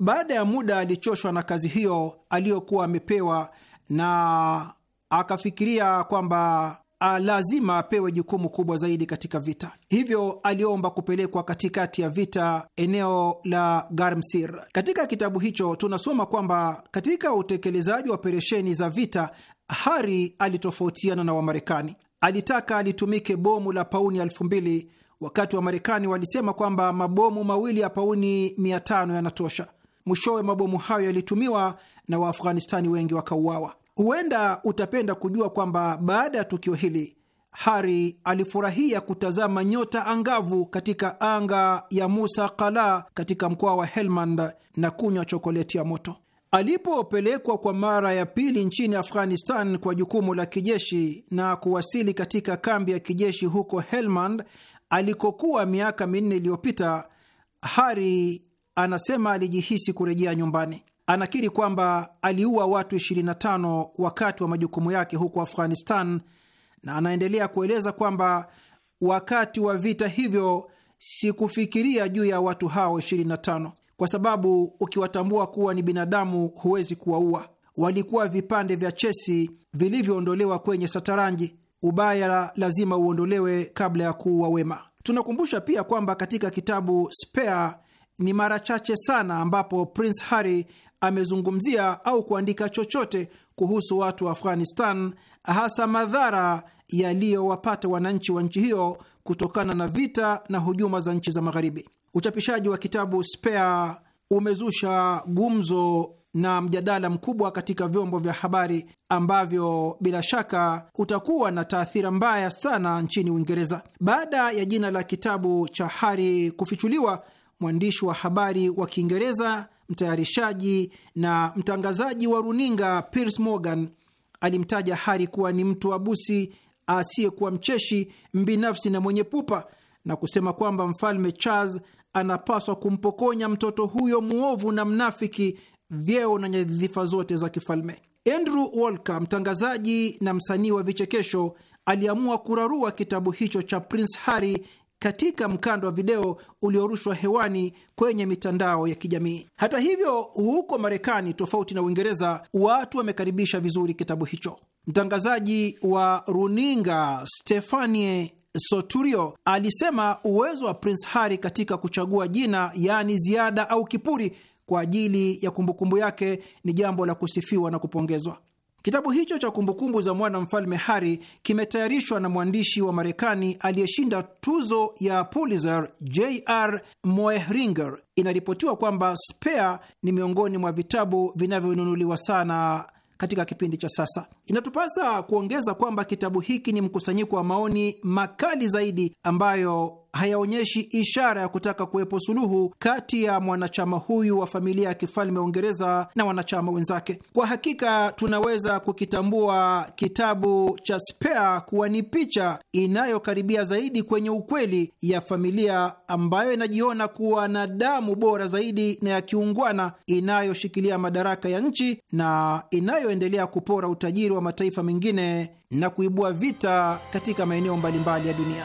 Baada ya muda alichoshwa na kazi hiyo aliyokuwa amepewa na akafikiria kwamba a, lazima apewe jukumu kubwa zaidi katika vita. Hivyo aliomba kupelekwa katikati ya vita eneo la Garmsir. Katika kitabu hicho tunasoma kwamba katika utekelezaji wa operesheni za vita, Hari alitofautiana na Wamarekani. Alitaka alitumike bomu la pauni elfu mbili wakati wa Marekani walisema kwamba mabomu mawili ya pauni mia tano yanatosha. Mwishowe mabomu hayo yalitumiwa na Waafghanistani wengi wakauawa. Huenda utapenda kujua kwamba baada ya tukio hili Hari alifurahia kutazama nyota angavu katika anga ya Musa Qala katika mkoa wa Helmand na kunywa chokoleti ya moto. Alipopelekwa kwa mara ya pili nchini Afghanistan kwa jukumu la kijeshi na kuwasili katika kambi ya kijeshi huko Helmand alikokuwa miaka minne iliyopita, Hari anasema alijihisi kurejea nyumbani anakiri kwamba aliua watu 25 wakati wa majukumu yake huko Afghanistan, na anaendelea kueleza kwamba wakati wa vita hivyo sikufikiria juu ya watu hao 25 kwa sababu ukiwatambua kuwa ni binadamu huwezi kuwaua. Walikuwa vipande vya chesi vilivyoondolewa kwenye sataranji. Ubaya lazima uondolewe kabla ya kuua wema. Tunakumbusha pia kwamba katika kitabu Spare ni mara chache sana ambapo Prince Harry amezungumzia au kuandika chochote kuhusu watu wa Afghanistan, hasa madhara yaliyowapata wananchi wa nchi hiyo kutokana na vita na hujuma za nchi za Magharibi. Uchapishaji wa kitabu Spare umezusha gumzo na mjadala mkubwa katika vyombo vya habari ambavyo bila shaka utakuwa na taathira mbaya sana nchini Uingereza. Baada ya jina la kitabu cha Hari kufichuliwa, mwandishi wa habari wa Kiingereza, mtayarishaji na mtangazaji wa runinga Piers Morgan alimtaja Hari kuwa ni mtu abusi asiyekuwa mcheshi, mbinafsi na mwenye pupa, na kusema kwamba Mfalme Charles anapaswa kumpokonya mtoto huyo mwovu na mnafiki vyeo na nyadhifa zote za kifalme. Andrew Walker, mtangazaji na msanii wa vichekesho, aliamua kurarua kitabu hicho cha Prince Harry katika mkando wa video uliorushwa hewani kwenye mitandao ya kijamii. Hata hivyo, huko Marekani, tofauti na Uingereza, watu wamekaribisha vizuri kitabu hicho. Mtangazaji wa runinga Stefanie Soturio alisema uwezo wa Prince Harry katika kuchagua jina, yaani ziada au kipuri, kwa ajili ya kumbukumbu yake ni jambo la kusifiwa na kupongezwa. Kitabu hicho cha kumbukumbu za mwana mfalme Hari kimetayarishwa na mwandishi wa Marekani aliyeshinda tuzo ya Pulitzer JR Moehringer. Inaripotiwa kwamba Spare ni miongoni mwa vitabu vinavyonunuliwa sana katika kipindi cha sasa. Inatupasa kuongeza kwamba kitabu hiki ni mkusanyiko wa maoni makali zaidi ambayo hayaonyeshi ishara ya kutaka kuwepo suluhu kati ya mwanachama huyu wa familia ya kifalme Uingereza na wanachama wenzake. Kwa hakika tunaweza kukitambua kitabu cha Spare kuwa ni picha inayokaribia zaidi kwenye ukweli ya familia ambayo inajiona kuwa na damu bora zaidi na ya kiungwana inayoshikilia madaraka ya nchi na inayoendelea kupora utajiri wa mataifa mengine na kuibua vita katika maeneo mbalimbali ya dunia.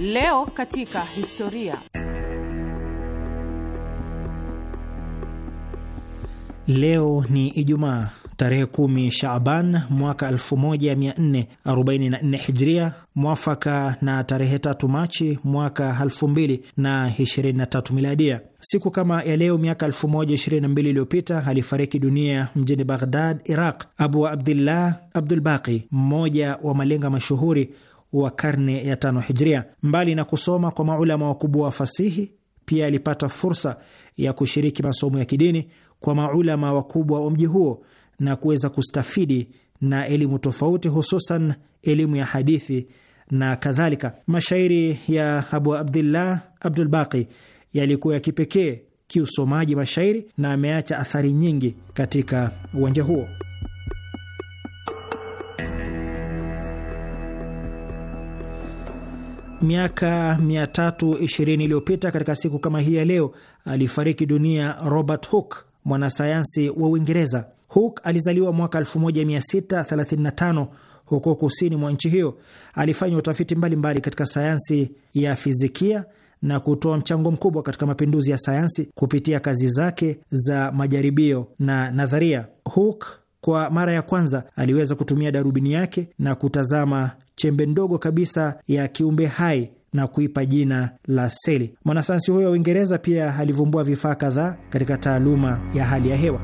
Leo katika historia. Leo ni Ijumaa tarehe kumi Shaaban mwaka 1444 Hijria, mwafaka na tarehe tatu Machi mwaka 2023 Miladia. Siku kama ya leo miaka 1022 iliyopita alifariki dunia mjini Baghdad, Iraq, Abu Abdillah Abdul Baqi, mmoja wa malenga mashuhuri wa karne ya tano hijria. Mbali na kusoma kwa maulama wakubwa wa fasihi, pia alipata fursa ya kushiriki masomo ya kidini kwa maulama wakubwa wa mji huo na kuweza kustafidi na elimu tofauti, hususan elimu ya hadithi na kadhalika. Mashairi ya Abu Abdillah Abdul Baqi yalikuwa ya kipekee kiusomaji mashairi na ameacha athari nyingi katika uwanja huo. miaka 320 iliyopita katika siku kama hii ya leo alifariki dunia Robert Hooke, mwanasayansi wa Uingereza. Hooke alizaliwa mwaka 1635 huko kusini mwa nchi hiyo. Alifanya utafiti mbalimbali mbali katika sayansi ya fizikia na kutoa mchango mkubwa katika mapinduzi ya sayansi kupitia kazi zake za majaribio na nadharia. Hooke kwa mara ya kwanza aliweza kutumia darubini yake na kutazama chembe ndogo kabisa ya kiumbe hai na kuipa jina la seli. Mwanasayansi huyo wa Uingereza pia alivumbua vifaa kadhaa katika taaluma ya hali ya hewa.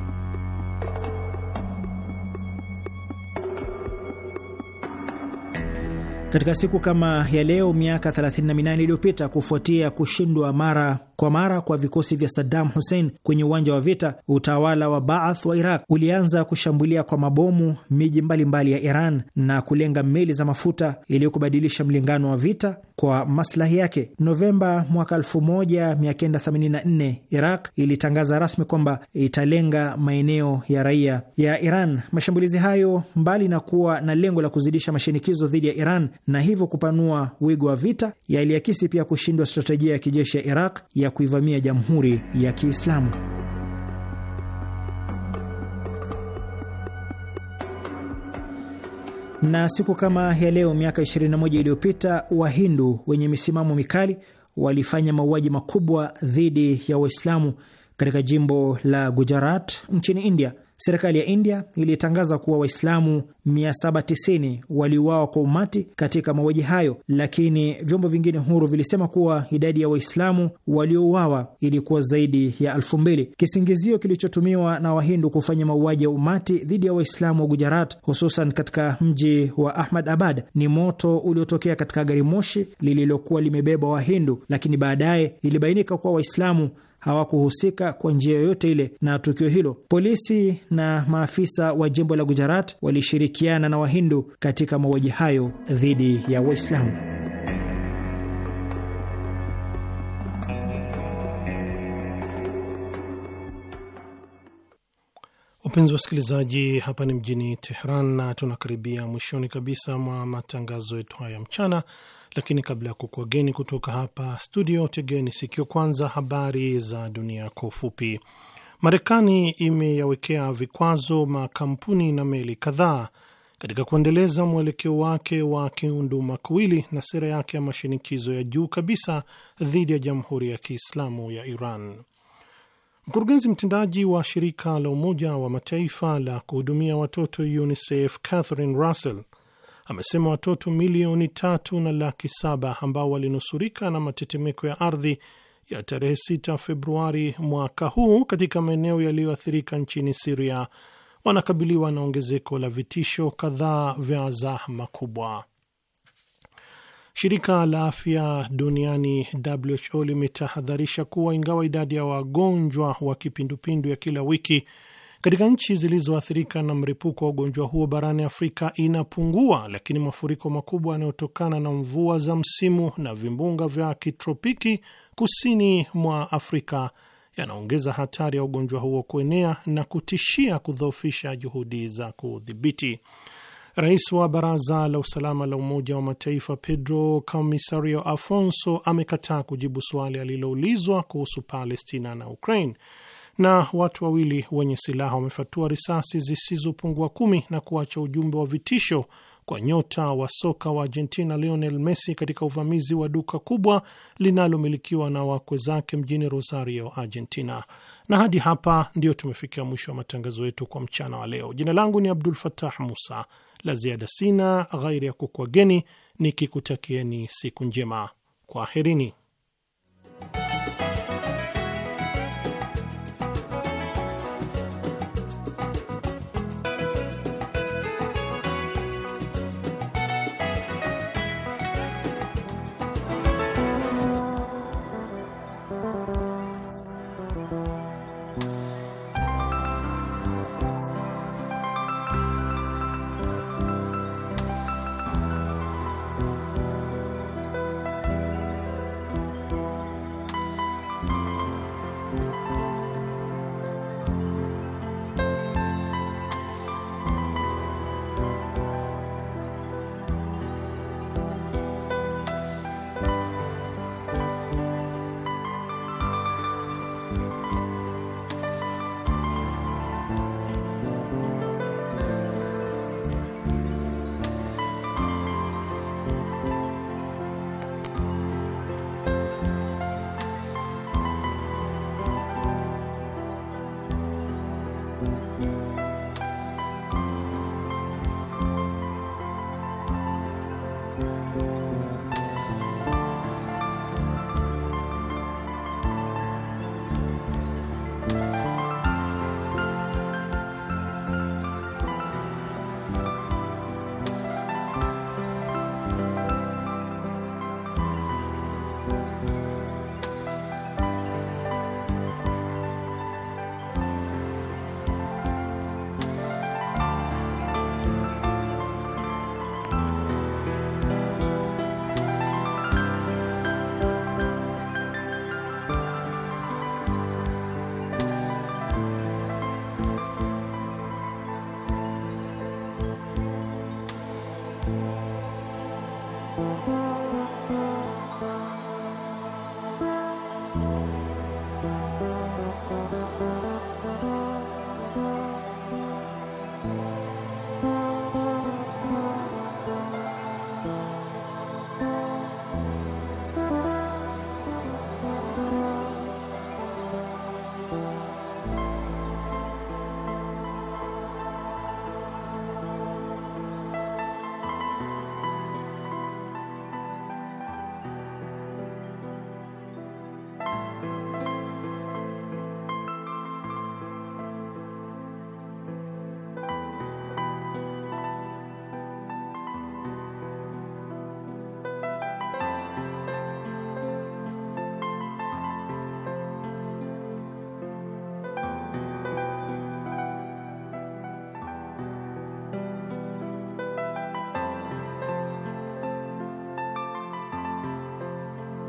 Katika siku kama ya leo miaka 38 iliyopita, kufuatia kushindwa mara kwa mara kwa vikosi vya Saddam Hussein kwenye uwanja wa vita, utawala wa Baath wa Iraq ulianza kushambulia kwa mabomu miji mbalimbali ya Iran na kulenga meli za mafuta ili kubadilisha mlingano wa vita kwa maslahi yake. Novemba mwaka 1984 Iraq ilitangaza rasmi kwamba italenga maeneo ya raia ya Iran. Mashambulizi hayo, mbali na kuwa na lengo la kuzidisha mashinikizo dhidi ya Iran na hivyo kupanua wigo wa vita, yaliakisi pia kushindwa stratejia ya kijeshi ya Iraq ya ya kuivamia Jamhuri ya Kiislamu. Na siku kama ya leo miaka 21 iliyopita Wahindu wenye misimamo mikali walifanya mauaji makubwa dhidi ya Waislamu katika jimbo la Gujarat nchini India. Serikali ya India ilitangaza kuwa Waislamu 790 waliuawa kwa umati katika mauaji hayo, lakini vyombo vingine huru vilisema kuwa idadi ya Waislamu waliouawa ilikuwa zaidi ya elfu mbili. Kisingizio kilichotumiwa na Wahindu kufanya mauaji ya umati dhidi ya Waislamu wa Gujarat, hususan katika mji wa Ahmad Abad, ni moto uliotokea katika gari moshi lililokuwa limebeba Wahindu, lakini baadaye ilibainika kuwa Waislamu hawakuhusika kwa njia yoyote ile na tukio hilo. Polisi na maafisa wa jimbo la Gujarat walishirikiana na Wahindu katika mauaji hayo dhidi ya Waislamu. Wapenzi wa wasikilizaji, hapa ni mjini Teheran na tunakaribia mwishoni kabisa mwa matangazo yetu haya mchana lakini kabla ya kukuageni kutoka hapa studio, tegeni sikio kwanza habari za dunia kwa ufupi. Marekani imeyawekea vikwazo makampuni na meli kadhaa katika kuendeleza mwelekeo wake wa kiundumakuwili na sera yake ya mashinikizo ya juu kabisa dhidi ya Jamhuri ya Kiislamu ya Iran. Mkurugenzi mtendaji wa shirika la Umoja wa Mataifa la kuhudumia watoto UNICEF Catherine Russell amesema watoto milioni tatu na laki saba ambao walinusurika na matetemeko ya ardhi ya tarehe 6 Februari mwaka huu katika maeneo yaliyoathirika nchini Siria wanakabiliwa na ongezeko la vitisho kadhaa vya zahma kubwa. Shirika la afya duniani WHO limetahadharisha kuwa ingawa idadi ya wagonjwa wa kipindupindu ya kila wiki katika nchi zilizoathirika na mlipuko wa ugonjwa huo barani Afrika inapungua, lakini mafuriko makubwa yanayotokana na mvua za msimu na vimbunga vya kitropiki kusini mwa Afrika yanaongeza hatari ya ugonjwa huo kuenea na kutishia kudhoofisha juhudi za kudhibiti. Rais wa Baraza la Usalama la Umoja wa Mataifa Pedro comisario Afonso amekataa kujibu swali aliloulizwa kuhusu Palestina na Ukraine na watu wawili wenye silaha wamefatua risasi zisizopungua kumi na kuacha ujumbe wa vitisho kwa nyota wa soka wa Argentina Lionel Messi katika uvamizi wa duka kubwa linalomilikiwa na wakwe zake mjini Rosario, Argentina. Na hadi hapa ndio tumefikia mwisho wa matangazo yetu kwa mchana wa leo. Jina langu ni Abdul Fatah Musa. La ziada sina, ghairi ya kukwageni nikikutakieni siku njema. Kwaherini.